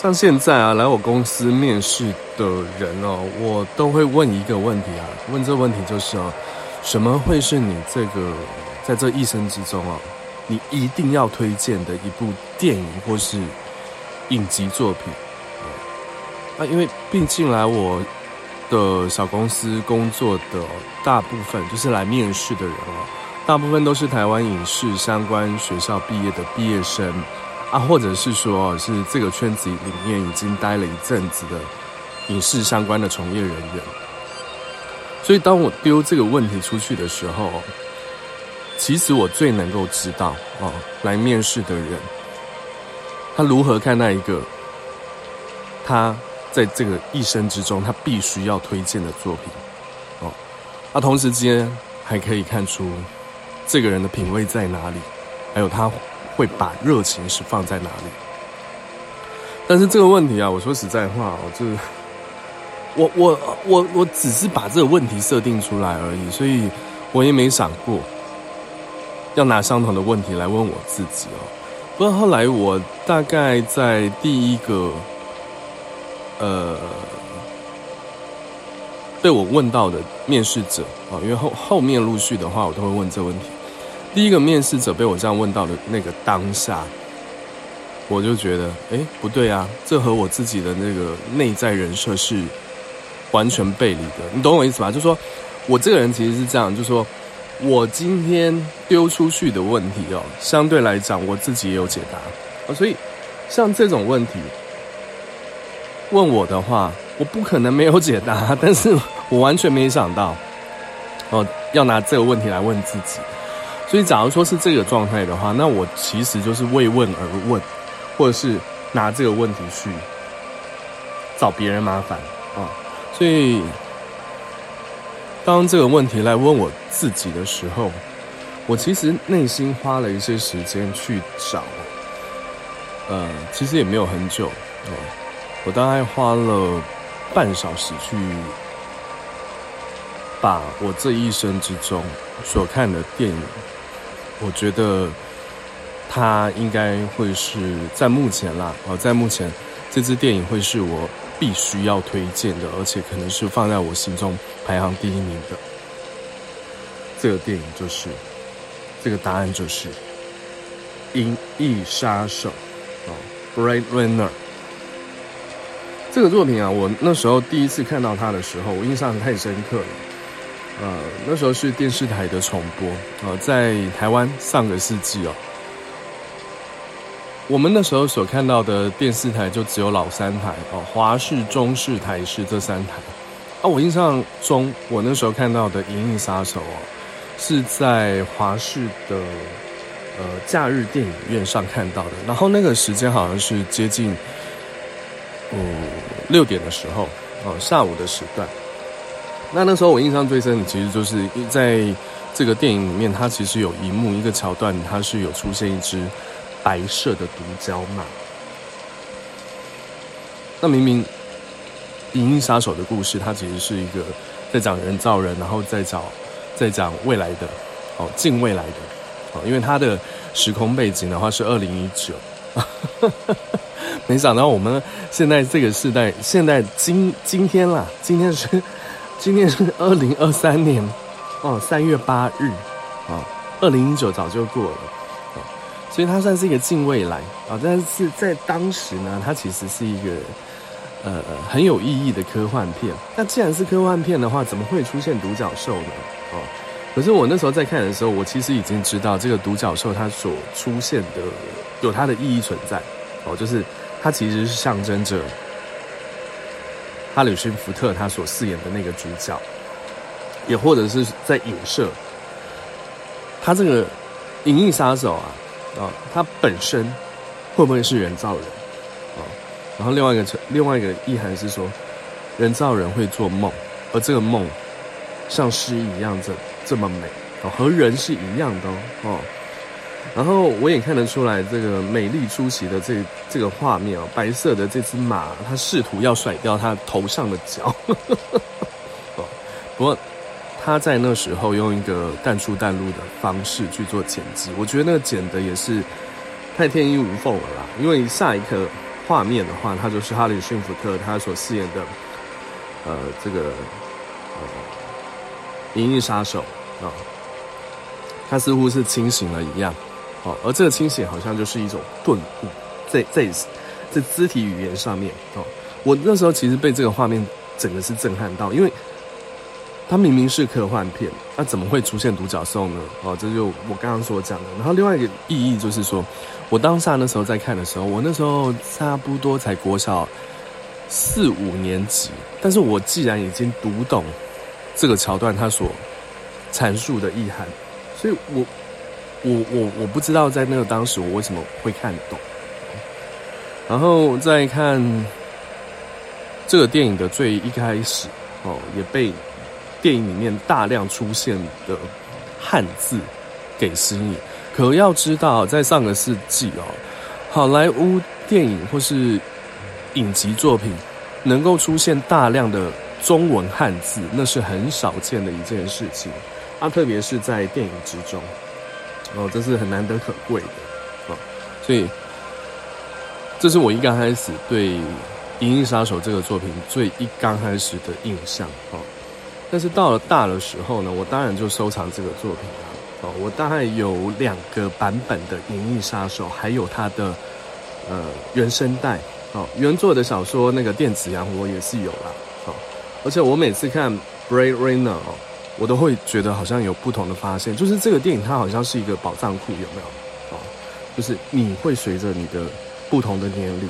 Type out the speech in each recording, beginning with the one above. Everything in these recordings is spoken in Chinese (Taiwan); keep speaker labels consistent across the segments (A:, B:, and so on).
A: 像現在啊，來我公司面試的人哦，我都會問一個問題啊。問這個問題就是哦、啊、什麼會是你這個在這一生之中哦、啊，你一定要推薦的一部電影或是影集作品？嗯、啊，因為畢竟來我的小公司工作的大部分，就是來面試的人哦，大部分都是台灣影視相關學校畢業的畢業生。啊，或者是說，是這個圈子裡面已經待了一陣子的影視相關的從業人員，所以當我丟這個問題出去的時候，其實我最能夠知道哦，來面試的人，他如何看待一個他在這個一生之中他必須要推薦的作品，哦，那、啊、同時間還可以看出這個人的品味在哪裡，還有他，會把熱情是放在哪裡？但是這個問題啊，我說實在話，我就我我我我只是把這個問題設定出來而已，所以我也沒想過要拿相同的問題來問我自己哦。不過後來我大概在第一個呃被我問到的面試者啊，哦，因為後後面陸續的話，我都會問這問題。第一個面試者被我這樣問到的那個當下，我就覺得，誒，欸，不對啊，這和我自己的那個內在人設是完全背離的。你懂我意思吧？就是說我這個人其實是這樣，就是說我今天丟出去的問題哦，相對來講我自己也有解答。哦，所以像這種問題問我的話，我不可能沒有解答，但是我完全沒想到哦，要拿這個問題來問自己。所以，假如說是這個狀態的話，那我其實就是為問而問，或者是拿這個問題去找別人麻煩啊。所以，當這個問題來問我自己的時候，我其實內心花了一些時間去找，呃，其實也沒有很久，呃，我大概花了半小時去把我這一生之中所看的電影。我覺得，它應該會是在目前啦，啊、呃，在目前，這支電影會是我必須要推薦的，而且可能是放在我心中排行第一名的。這個電影就是，這個答案就是《銀翼殺手》啊、呃，《Blade Runner》這個作品啊，我那時候第一次看到它的時候，我印象很太很深刻了。呃，那時候是電視台的重播，呃，在台灣上個世紀哦，我們那時候所看到的電視台就只有老三台哦，華視、中視、台視這三台啊。我印象中，我那時候看到的《銀翼殺手》哦，是在華視的呃假日電影院上看到的，然後那個時間好像是接近嗯六點的時候哦、呃，下午的時段。那那時候我印象最深的，其實就是在這個電影裡面，它其實有一幕一個橋段，它是有出現一隻白色的獨角獸。那明明《銀翼殺手》的故事，它其實是一個在講人造人，然後再講再講未來的哦，近未來的哦，因為它的時空背景的話是二零一九。 沒想到我們現在這個世代，現在今今天啦，今天是。今天是二零二三年，哦，三月八日，哦，二零一九早就過了，哦。所以它算是一個近未來，啊、哦，但是在當時呢，它其實是一個，呃，很有意義的科幻片。那既然是科幻片的話，怎麼會出現獨角獸呢？哦，可是我那時候在看的時候，我其實已經知道這個獨角獸它所出現的有它的意義存在，哦，就是它其實是象徵着。哈里遜·福特他所飾演的那個主角，也或者是在影射他這個銀翼殺手啊、啊、哦，他本身會不會是人造人啊、哦？然後另外一個另外一個意涵是說，人造人會做夢，而這個夢像詩一樣這這麼美、哦，和人是一樣的哦。哦然後我也看得出來，這個美麗出奇的這這個畫面啊、哦，白色的這隻馬，它試圖要甩掉它頭上的角。哦， 不過他在那時候用一個淡出淡入的方式去做剪輯，我覺得那個剪的也是太天衣無縫了啦。因為下一顆畫面的話，它就是哈里遜·福特他所飾演的呃這個呃《銀翼殺手》啊、哦，他似乎是清醒了一樣。而這個傾斜好像就是一種頓悟，在在在肢體語言上面哦。我那時候其實被這個畫面整個是震撼到，因為它明明是科幻片，那、啊、怎麼會出現獨角獸呢？哦，這就我剛剛所講的。然後另外一個意義就是說，我當下那時候在看的時候，我那時候差不多才國小四五年級，但是我既然已經讀懂這個橋段它所闡述的意涵，所以我。我我我不知道在那個當時我為什麼會看懂，然後再看這個電影的最一開始哦，也被電影裡面大量出現的漢字給吸引。可要知道，在上個世紀哦，好萊塢電影或是影集作品能夠出現大量的中文漢字，那是很少見的一件事情它，啊，特別是在電影之中。哦，這是很難得可貴的，哦，所以這是我一剛開始對《銀翼殺手》這個作品最一剛開始的印象，哦。但是到了大的時候呢，我當然就收藏這個作品啦，哦，我大概有兩個版本的《銀翼殺手》，還有它的呃原聲帶，哦，原作的小說那個電子羊我也是有啦，哦，而且我每次看《Blade Runner》哦我都會覺得好像有不同的發現，就是這個電影它好像是一個寶藏庫，有沒有啊、哦？就是你會隨着你的不同的年齡，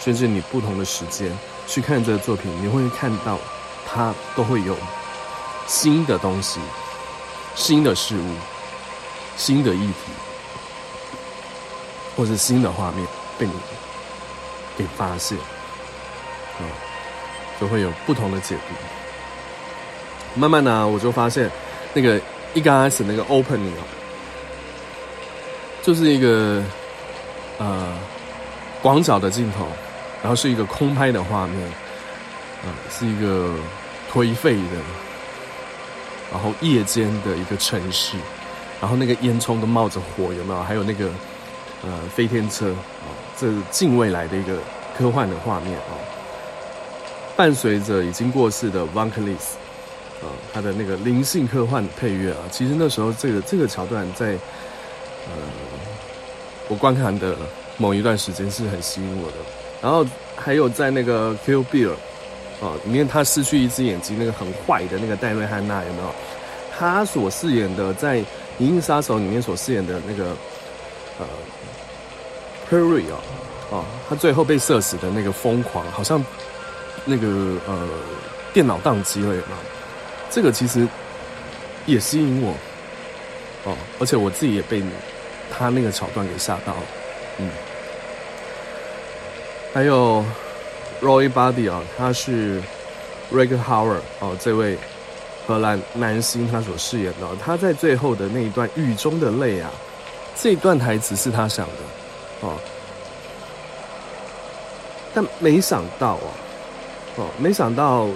A: 甚至你不同的時間去看這個作品，你會看到它都會有新的東西、新的事物、新的議題，或是新的畫面被你給發現，嗯，就會有不同的解讀。慢慢的，啊，我就發現，那個一剛開始那個 opening 啊，哦，就是一個呃廣角的鏡頭，然後是一個空拍的畫面，嗯、呃，是一個頹廢的，然後夜間的一個城市，然後那個煙囪都冒着火，有沒有？還有那個呃飛天車啊，哦，這是近未來的一個科幻的畫面啊，哦，伴隨着已經過世的 Vangelis 他的那個靈性科幻配樂啊，其實那時候這個這個橋段在，呃，我觀看的某一段時間是很吸引我的。然後還有在那個 Kill Bill 啊，裡面他失去一隻眼睛，那個很壞的那個戴瑞漢娜有沒有？他所飾演的在《銀翼殺手》裡面所飾演的那個呃，Perry 啊、哦，啊、呃，他最後被射死的那個瘋狂，好像那個呃，電腦宕機了有沒有？這個其實也吸引我哦，而且我自己也被他那個橋段給嚇到了，嗯。還有 Roy Batty 啊，他是 Rutger Hauer 哦，這位荷蘭男星他所飾演的，哦，他在最後的那一段雨中的淚啊，這段台詞是他想的哦，但沒想到啊，哦，沒想到。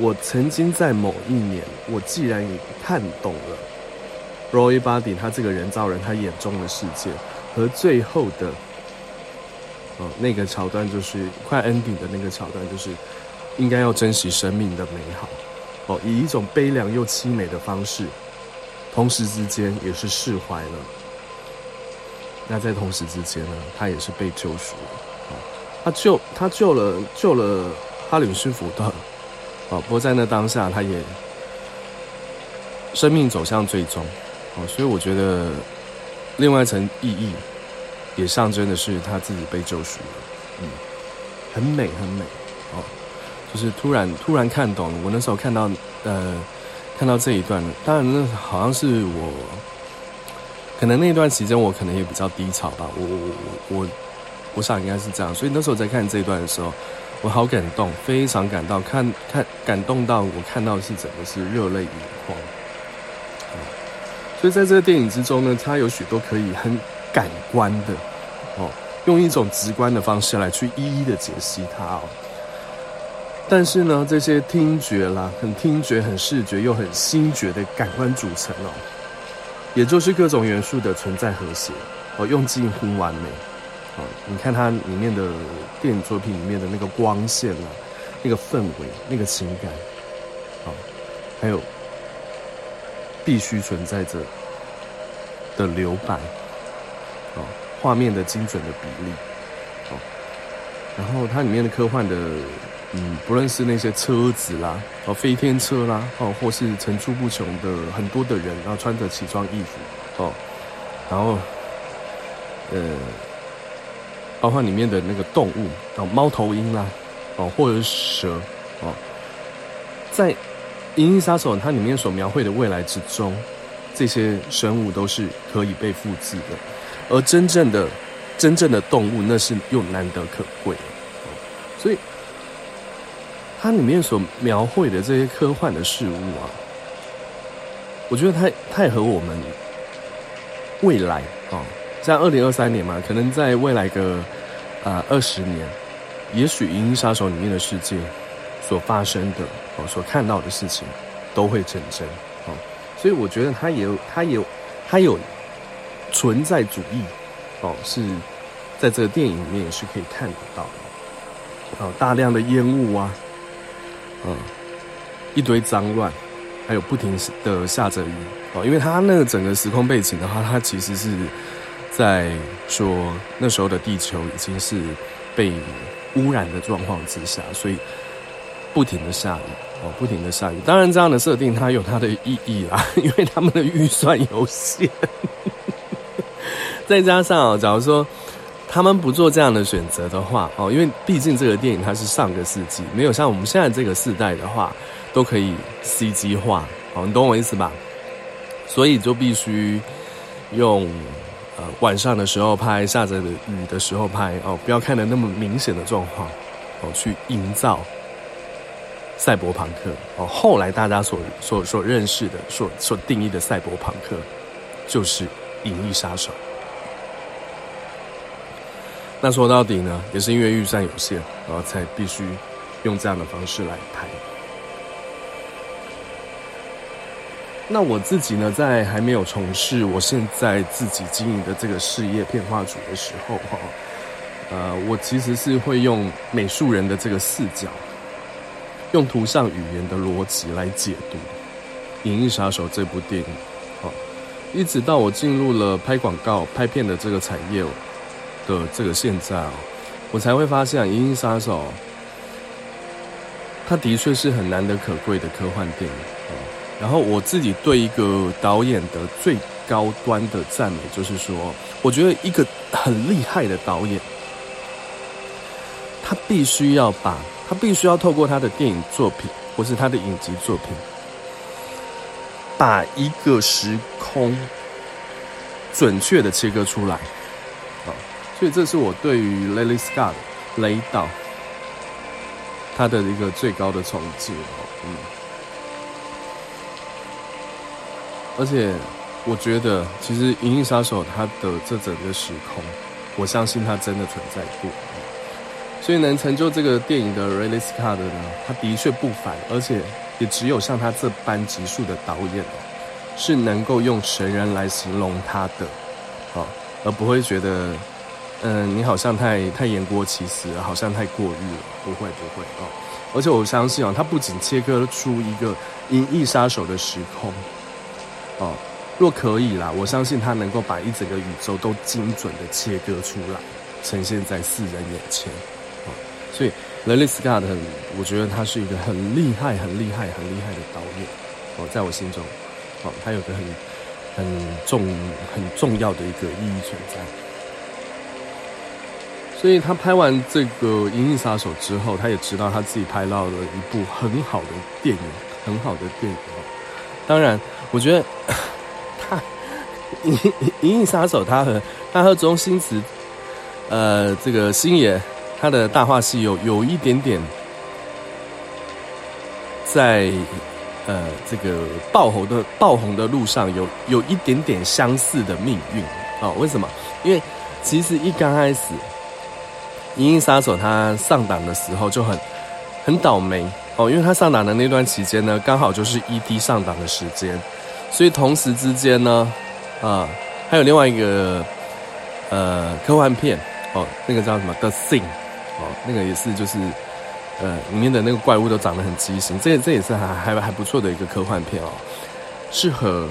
A: 我曾經在某一年，我既然也看懂了，Roy Batty 他這個人造人他眼中的世界，和最後的，呃那個橋段就是快 Ending 的那個橋段，就是應該要珍惜生命的美好，哦、呃，以一種悲涼又淒美的方式，同時之間也是釋懷了。那在同時之間呢，他也是被救贖了、呃，他救他救了救了哈里斯福特。哦，不過在那當下，他也生命走向最終，哦，所以我覺得另外一層意義也象徵的是他自己被救贖了，嗯，很美很美，哦，就是突然突然看懂了，我那時候看到呃看到這一段，當然那好像是我可能那段期間我可能也比較低潮吧，我我我我想應該是這樣，所以那時候在看這一段的時候。我好感動，非常感動，看看感動到我看到的是整個是熱淚盈眶，嗯。所以在這個電影之中呢，它有許多可以很感官的，哦，用一種直觀的方式來去一一的解析它，哦。但是呢，這些聽覺啦、很聽覺、很視覺又很心覺的感官組成哦，也就是各種元素的存在和諧哦，用近乎完美。哦、你看它裡面的電影作品裡面的那個光線啦、啊，那個氛圍，那個情感，好、哦，還有必須存在着的留白，哦，畫面的精準的比例，哦，然後它裡面的科幻的，嗯，不論是那些車子啦，哦，飛天車啦，哦，或是層出不窮的很多的人，然後穿着奇裝異服，哦，然後，呃。包括裡面的那個動物哦，貓頭鷹啦，哦，或者是蛇哦，在《銀翼殺手》它裡面所描繪的未來之中，這些生物都是可以被複製的，而真正的、真正的動物，那是又難得可貴，哦。所以，它裡面所描繪的這些科幻的事物啊，我覺得它它也和我們未來啊。哦在二零二三年嘛，可能在未來個啊二十年，也許《銀翼殺手》裡面的世界所發生的哦，所看到的事情都會成真哦。所以我覺得它也有，它有，它有存在主義哦，是在這個電影裡面也是可以看得到的哦。大量的煙霧啊，嗯，一堆髒亂，還有不停的下着雨哦，因為它那個整個時空背景的話，它其實是。在說那時候的地球已經是被汙染的狀況之下，所以不停地下雨哦，不停地下雨。當然，這樣的設定它有它的意義啦、啊，因為他們的預算有限， 再加上、哦、假如說他們不做這樣的選擇的話哦，因為畢竟這個電影它是上個世紀，沒有像我們現在這個世代的話，都可以 CG 化、哦、你懂我意思吧？所以就必須用。呃，晚上的時候拍，下着的雨的時候拍哦，不要看的那麼明顯的狀況哦，去營造賽博朋克哦。後來大家所，所，所認識的所、所定義的賽博朋克，就是銀翼殺手。那說到底呢，也是因為預算有限，然後才必須用這樣的方式來拍。那我自己呢，在還沒有從事我現在自己經營的這個事業片畫組的時候，哈、哦，呃，我其實是會用美術人的這個視角，用圖像語言的邏輯來解讀《銀翼殺手》這部電影，啊、哦，一直到我進入了拍廣告、拍片的這個產業的這個現在啊，我才會發現《銀翼殺手》它的確是很難得可貴的科幻電影啊。哦然後我自己對一個導演的最高端的讚美，就是說，我覺得一個很厲害的導演，他必須要把他必須要透過他的電影作品或是他的影集作品，把一個時空準確的切割出來、哦、所以這是我對於 Ridley Scott 雷導他的一個最高的崇敬、哦，嗯。而且，我覺得其實《銀翼殺手》它的這整個時空，我相信它真的存在過。所以能成就這個電影的 Ridley Scott 的呢，他的確不凡，而且也只有像他這般級數的導演，是能夠用神人來形容他的哦，而不會覺得，嗯，你好像太太言過其實，好像太過譽了。不會不會哦，而且我相信啊、哦，他不僅切割出一個《銀翼殺手》的時空。哦，若可以啦，我相信他能夠把一整個宇宙都精準的切割出來，呈現在世人眼前。哦，所以雷利史考特很，我覺得他是一個很厲害、很厲害、很厲害的導演。哦，在我心中，哦，他有個很、很重、很重要的一個意義存在。所以他拍完這個《銀翼殺手》之後，他也知道他自己拍到了一部很好的電影，很好的電影。當然，我覺得他《銀銀翼殺手他》他和他和周星馳，呃，這個星爺他的大話西遊有，有一點點在，在呃這個爆紅的爆紅的路上有有一點點相似的命運啊，哦。為什麼？因為其實一剛開始，《銀翼殺手》他上檔的時候就很很倒霉。哦，因為他上檔的那段期間呢，剛好就是 E.T. 上檔的時間，所以同時之間呢，啊，還有另外一個，呃，科幻片哦，那個叫什麼《The Thing》哦，那個也是就是，呃，裡面的那個怪物都長得很畸形，這這也是還還還不錯的一個科幻片哦，適合，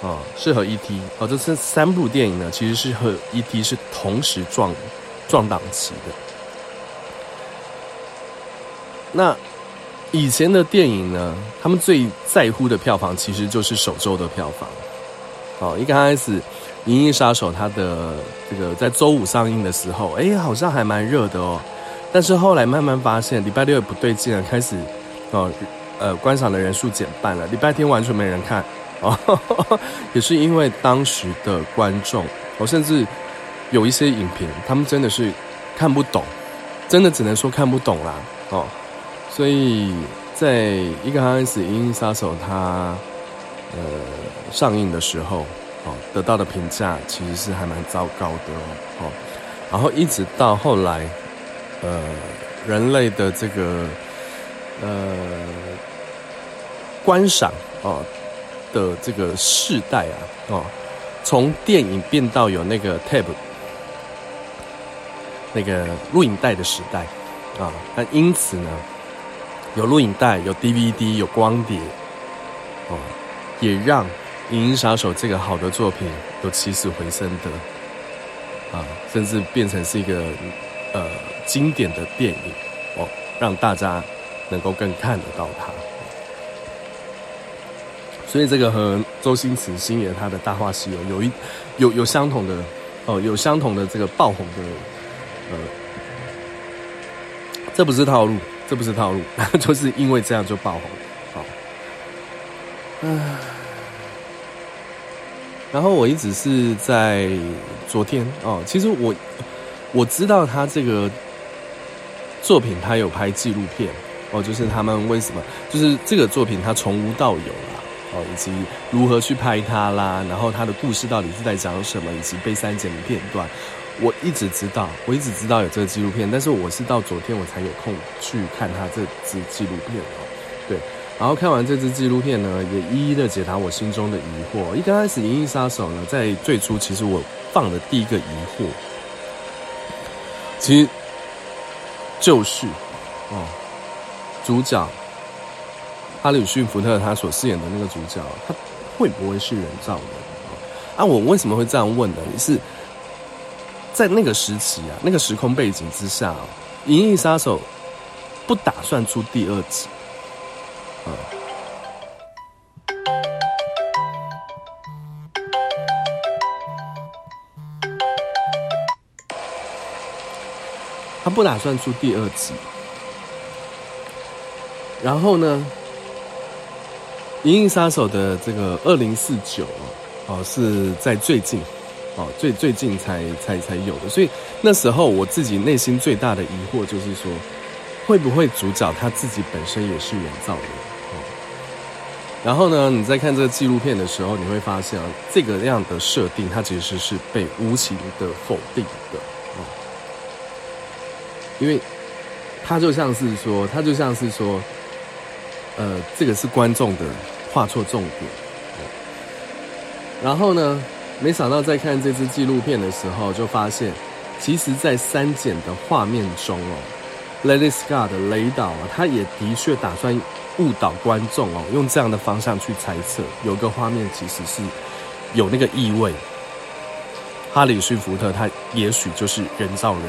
A: 哦適合 E.T. 哦，這三三部電影呢，其實是和 E.T. 是同時撞撞檔期的，那。以前的電影呢，他們最在乎的票房其實就是首周的票房。哦，一開始，《銀翼殺手》它的這個在周五上映的時候，哎、欸，好像還蠻熱的哦。但是後來慢慢發現，禮拜六也不對勁了，開始，哦，呃，觀賞的人數減半了，禮拜天完全沒人看。哦，呵呵也是因為當時的觀眾、哦，甚至有一些影評，他們真的是看不懂，真的只能說看不懂啦。哦。所以，在《一個 X 銀翼殺手他》它呃上映的時候，哦，得到的評價其實是還蠻糟糕的哦。然後一直到後來，呃，人類的這個呃觀賞哦的這個世代啊，哦，從電影變到有那個 tape 那個錄影帶的時代啊，那、哦、因此呢。有錄影帶，有 DVD，有光碟，哦，也讓《銀翼殺手》這個好的作品有起死回生的啊，甚至變成是一個呃經典的電影哦，讓大家能夠更看得到它。所以這個和周星馳星爺他的《大話西遊》有一有有相同的哦、呃，有相同的這個爆紅的呃，這不是套路。這不是套路，就是因為這樣就爆紅了。好，嗯、呃，然後我一直是在昨天哦，其實我我知道他這個作品，他有拍紀錄片哦，就是他們為什麼就是這個作品，他從無到有啦哦，以及如何去拍他啦，然後他的故事到底是在講什麼，以及被刪減的片段。我一直知道，我一直知道有這個紀錄片，但是我是到昨天我才有空去看他這支紀錄片哦。對，然後看完這支紀錄片呢，也一一的解答我心中的疑惑。一剛開始《銀翼殺手》呢，在最初其實我放的第一個疑惑，其實就是，哦，主角，哈里遜福特他所飾演的那個主角，他會不會是人造人？啊，我為什麼會這樣問呢？是。在那個時期啊，那個時空背景之下，啊，《銀翼殺手》不打算出第二集，嗯，他不打算出第二集。然後呢，《銀翼殺手》的這個二零四九哦，是在最近。哦，最最近才才才有的，所以那時候我自己內心最大的疑惑就是說，會不會主角他自己本身也是人造人？然後呢，你在看這個紀錄片的時候，你會發現這個樣的設定它其實是被無情的否定的。因為它就像是說，它就像是說，呃，這個是觀眾的畫錯重點。然後呢，沒想到在看這支紀錄片的時候，就發現，其實，在刪減的畫面中哦，雷利史考特的雷導啊，他也的確打算誤導觀眾哦，用這樣的方向去猜測。有個畫面其實是有那個意味，哈里遜·福特他也許就是人造人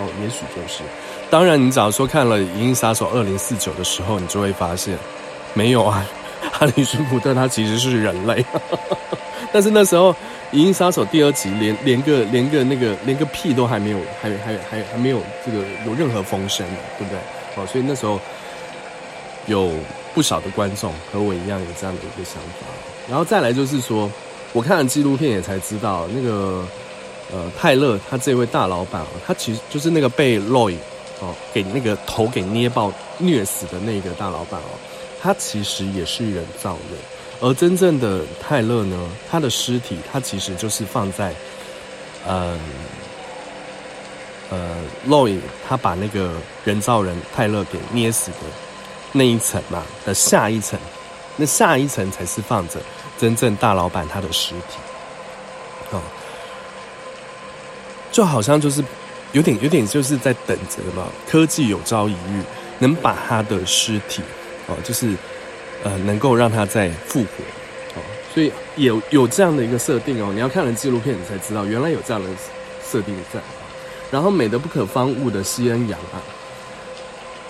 A: 哦，也許就是。當然，你假如說看了《銀翼殺手二零四九》的時候，你就會發現，沒有啊，哈里遜·福特他其實是人類。哈哈哈，但是那時候。《銀翼殺手》第二集，連連個連個那個連個屁都還沒有，還還還還沒有這個有任何風聲，對不對？哦，所以那時候有不少的觀眾和我一樣有這樣的一個想法。然後再來就是說，我看了紀錄片也才知道，那個呃泰勒他這位大老闆他其實就是那個被洛伊 y 給那個頭給捏爆虐死的那個大老闆哦，他其實也是人造人。而真正的泰勒呢，他的屍體，他其實就是放在，呃，呃，洛伊他把那個人造人泰勒給捏死的那一層嘛的下一層，那下一層才是放着真正大老板他的屍體，哦，就好像就是有點有點就是在等着嘛，科技有朝一日能把他的屍體哦，就是。呃，能夠讓他再復活，哦，所以也有有這樣的一個設定哦，你要看了紀錄片你才知道，原來有這樣的設定在。然後美得不可方物的西恩·楊啊，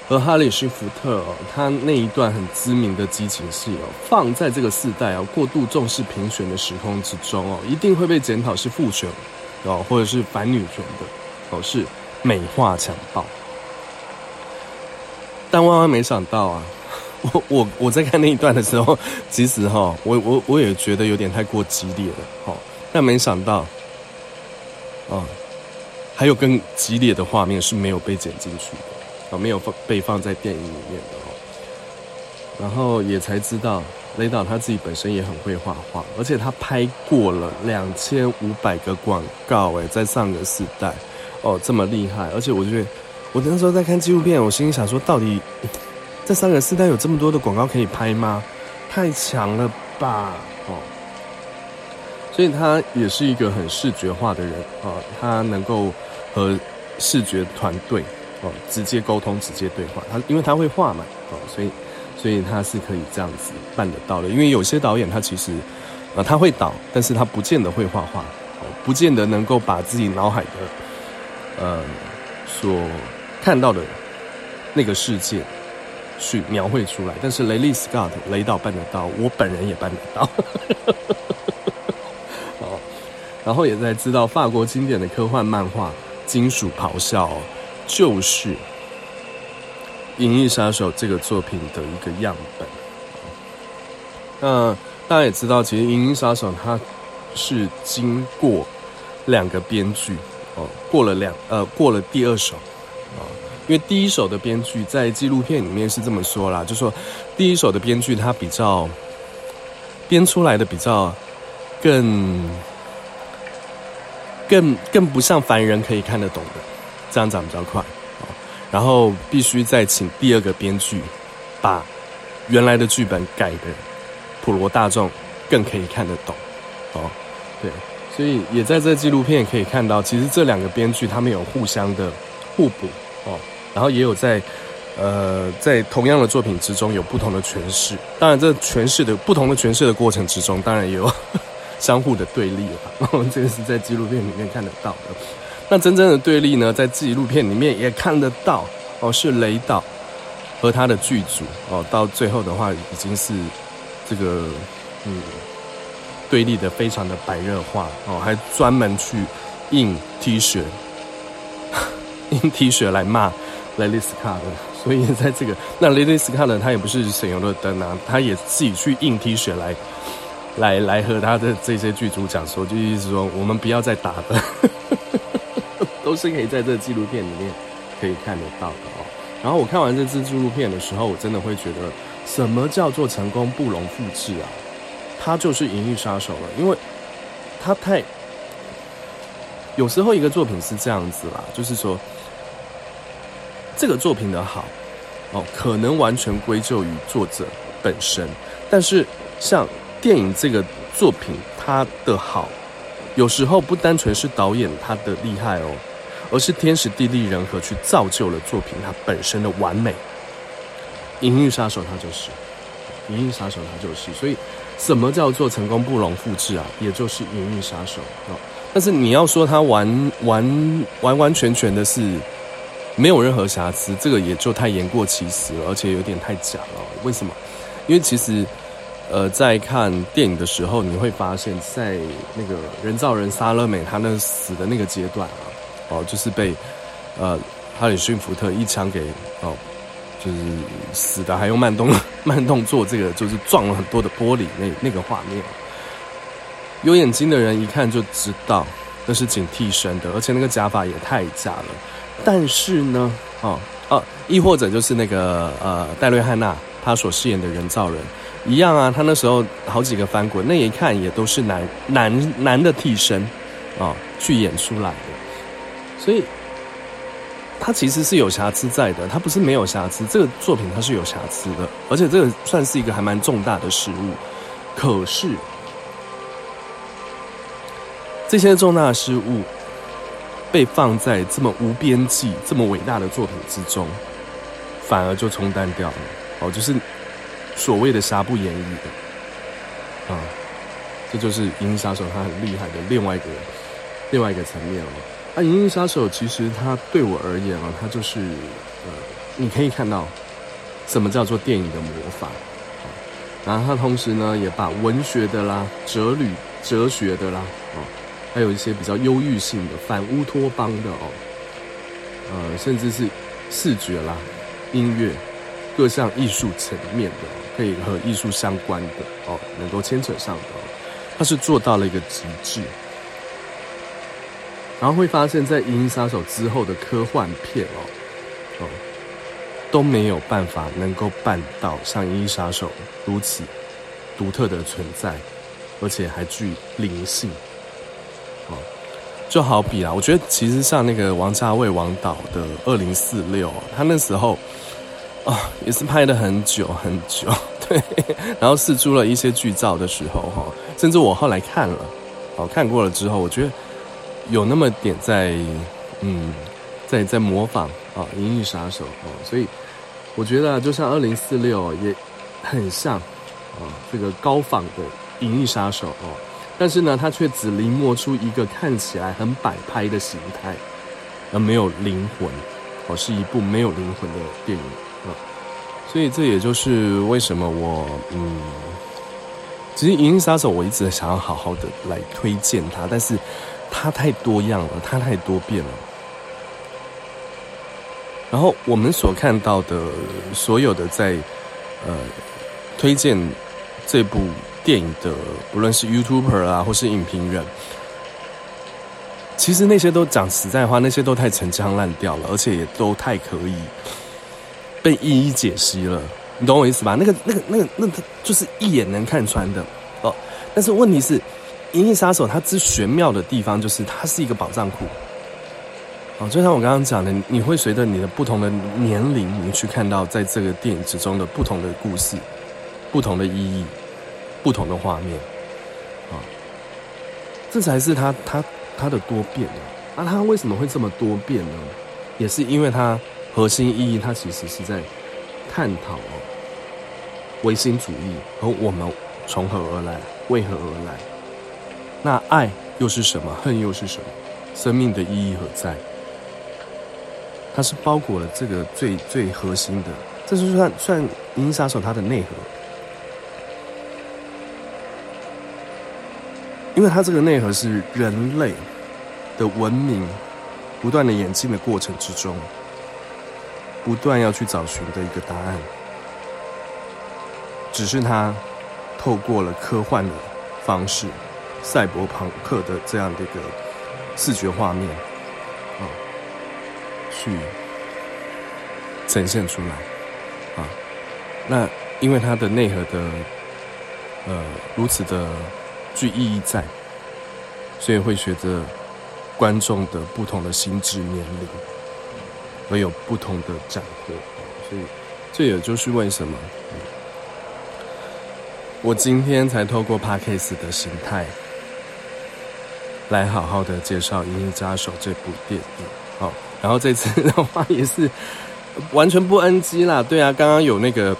A: 和哈里遜·福特哦，他那一段很知名的激情戲哦，放在這個四代啊、哦、過度重視平權的時空之中哦，一定會被檢討是父權哦，或者是反女權的哦，是美化強暴。但萬萬沒想到啊！我我我在看那一段的時候，其實哈，我我我也覺得有點太過激烈了哈。但沒想到，啊、哦，還有更激烈的畫面是沒有被剪進去的，沒有放被放在電影裡面的哈。然後也才知道，雷導他自己本身也很會畫畫，而且他拍過了兩千五百個廣告誒，在上個世代哦這麼厲害。而且我覺得，我那時候在看紀錄片，我心裡想說，到底。這三個人四代有這麼多的廣告可以拍嗎？太強了吧！哦，所以他也是一個很視覺化的人啊，哦，他能夠和視覺團隊哦直接溝通、直接對話。他因為他會畫嘛，哦，所以所以他是可以這樣子辦得到的。因為有些導演他其實啊，呃，他會導，但是他不見得會畫畫，哦，不見得能夠把自己腦海的呃所看到的那個世界。去描繪出來，但是雷利·史考特雷導辦得到，我本人也辦得到。哦， 然後也在知道法國經典的科幻漫畫《金屬咆哮》就是《銀翼殺手》這個作品的一個樣本。那大家也知道，其實《銀翼殺手》它是經過兩個編劇哦，過了兩呃，過了第二手。因為第一手的編劇在紀錄片裡面是這麼說啦，就是、說第一手的編劇他比較編出來的比較更更更不像凡人可以看得懂的，這樣講比較快，哦、然後必須再請第二個編劇把原來的劇本改的普羅大眾更可以看得懂哦，對，所以也在這紀錄片也可以看到，其實這兩個編劇他們有互相的互補哦。然後也有在，呃，在同樣的作品之中有不同的詮釋。當然，這詮釋的不同的詮釋的過程之中，當然也有相互的對立啊。哦，這個是在紀錄片裡面看得到的。那真正的對立呢，在紀錄片裡面也看得到。哦，是雷導和他的劇組哦，到最後的話已經是這個嗯對立的非常的白熱化哦，還專門去印 T 恤，印 T 恤來罵。雷利史考特，所以在這個，那雷利史考特呢，她也不是省油的燈啊，她也自己去印 T 恤來，來來和他的這些劇組講說，就意思說我們不要再打燈， 都是可以在這個紀錄片裡面可以看得到的哦、喔。然後我看完這支紀錄片的時候，我真的會覺得什麼叫做成功不容複製啊？他就是《銀翼殺手》了，因為他太有時候一個作品是這樣子啦，就是說。這個作品的好，哦，可能完全歸咎於作者本身。但是像電影這個作品，它的好，有時候不單純是導演他的厲害哦，而是天時地利人和去造就了作品它本身的完美。《銀翼殺手》它就是，《銀翼殺手》它就是。所以，什麼叫做成功不容複製啊？也就是《銀翼殺手》哦。但是你要說它完完完完全全的是。沒有任何瑕疵，這個也就太言過其實了，而且有點太假了。為什麼？因為其實，呃，在看電影的時候，你會發現在那個人造人莎樂美他那死的那個階段啊，哦，就是被呃哈里遜·福特一槍給哦，就是死的，還用慢動慢動作，這個就是撞了很多的玻璃，那那個畫面，有眼睛的人一看就知道那是請替身的，而且那個假髮也太假了。但是呢，哦哦、啊，亦或者就是那個呃，戴瑞漢娜他所飾演的人造人一樣啊，他那時候好幾個翻滾，那一看也都是男男男的替身啊、哦、去演出來的，所以他其實是有瑕疵在的，他不是沒有瑕疵，這個作品它是有瑕疵的，而且這個算是一個還蠻重大的失誤。可是這些重大失誤。被放在這麼無邊際、這麼偉大的作品之中，反而就沖淡掉了。哦，就是所謂的，言語的“瑕不掩瑜”的啊，這就是《銀翼殺手》它很厲害的另外一個另外一個層面哦。那、啊《銀翼殺手》其實它對我而言啊、哦，它就是呃，你可以看到什麼叫做電影的魔法，啊、然後它同時呢也把文學的啦、哲理、哲學的啦。還有一些比較憂鬱性的、反烏托邦的哦，呃，甚至是視覺啦、音樂、各項藝術層面的哦，可以和藝術相關的哦，能夠牽扯上的哦，它是做到了一個極致。然後會發現，在《銀翼殺手》之後的科幻片哦，哦，都沒有辦法能夠辦到像《銀翼殺手》如此獨特的存在，而且還具靈性。就好比啊，我覺得其實像那個王家衛王導的《二零四六》，他那時候啊，哦，也是拍了很久很久，對。然後釋出了一些劇照的時候，甚至我後來看了，哦，看過了之後，我覺得有那麼點在，嗯，在在模仿啊，哦，《銀翼殺手》哦，所以我覺得就像《二零四六》也很像啊，哦，這個高仿的《銀翼殺手》哦。但是呢，它卻只臨摹出一個看起來很擺拍的形態，而沒有靈魂，我是一部沒有靈魂的電影，嗯。所以這也就是為什麼我，嗯，其實《銀翼殺手》我一直想要好好的來推薦它，但是它太多樣了，它太多變了。然後我們所看到的所有的在，呃，推薦這部。電影的，不論是 YouTuber 啊，或是影評人，其實那些都講實在話，那些都太陳腔濫調了，而且也都太可以被一一解析了。你懂我意思吧？那個、那個、那個、那個，就是一眼能看穿的哦。但是問題是，《銀翼殺手》它之玄妙的地方，就是它是一個寶藏庫。哦，就像我剛剛講的，你會隨着你的不同的年齡，你去看到在這個電影之中的不同的故事、不同的意義。不同的畫面，啊、嗯，這才是他他他的多變呢、啊。啊，他為什麼會這麼多變呢？也是因為他核心意義，他其實是在探討哦，唯心主義和我們從何而來，為何而來？那愛又是什麼？恨又是什麼？生命的意義何在？它是包裹了這個最最核心的，這是算算銀翼殺手它的內核。因為它這個內核是人類的文明不斷的演進的過程之中，不斷要去找尋的一個答案，只是它透過了科幻的方式、賽博朋克的這樣的一個視覺畫面啊、嗯，去呈現出來啊、嗯。那因為它的內核的呃如此的。具意義在，所以會隨着觀眾的不同的心智年齡會有不同的斬獲，所以這也就是為什麼我今天才透過 Podcast 的形態來好好的介紹《銀翼殺手》這部電影。好，然後這次的話也是完全不 NG 啦。對啊，剛剛有那個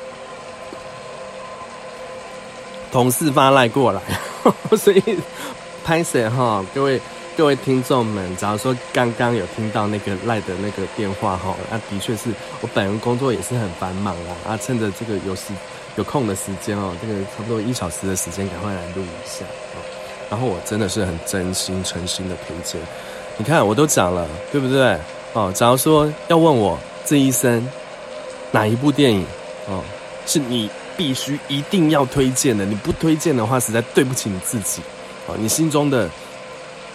A: 同事發賴過來。 所以，拍攝哈，各位各位聽眾們，假如說剛剛有聽到那個賴的那個電話哈，那、啊、的確是，我本人工作也是很繁忙啊，啊，趁着這個遊戲有空的時間哦，這個差不多一小時的時間，趕快來錄一下哦。然後我真的是很真心誠心的陪着，你看我都講了，對不對？哦，假如說要問我這一生哪一部電影哦，是你。必須一定要推薦的，你不推薦的話，實在對不起你自己。啊，你心中的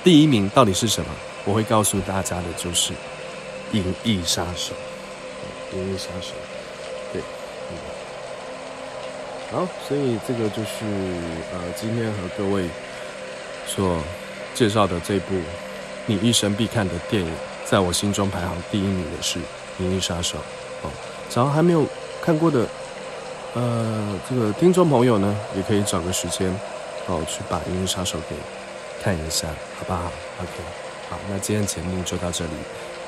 A: 第一名到底是什麼？我會告訴大家的，就是《銀翼殺手》。《銀翼殺手》對，對、嗯，好，所以這個就是呃，今天和各位所介紹的這部你一生必看的電影，在我心中排行第一名的是《銀翼殺手》哦，然後還沒有看過的。呃，這個聽眾朋友呢，也可以找個時間，哦，去把《銀翼殺手》給看一下，好不好？OK，好，那今天的節目就到這裡，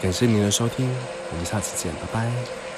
A: 感謝您的收聽，我們下次見，拜拜。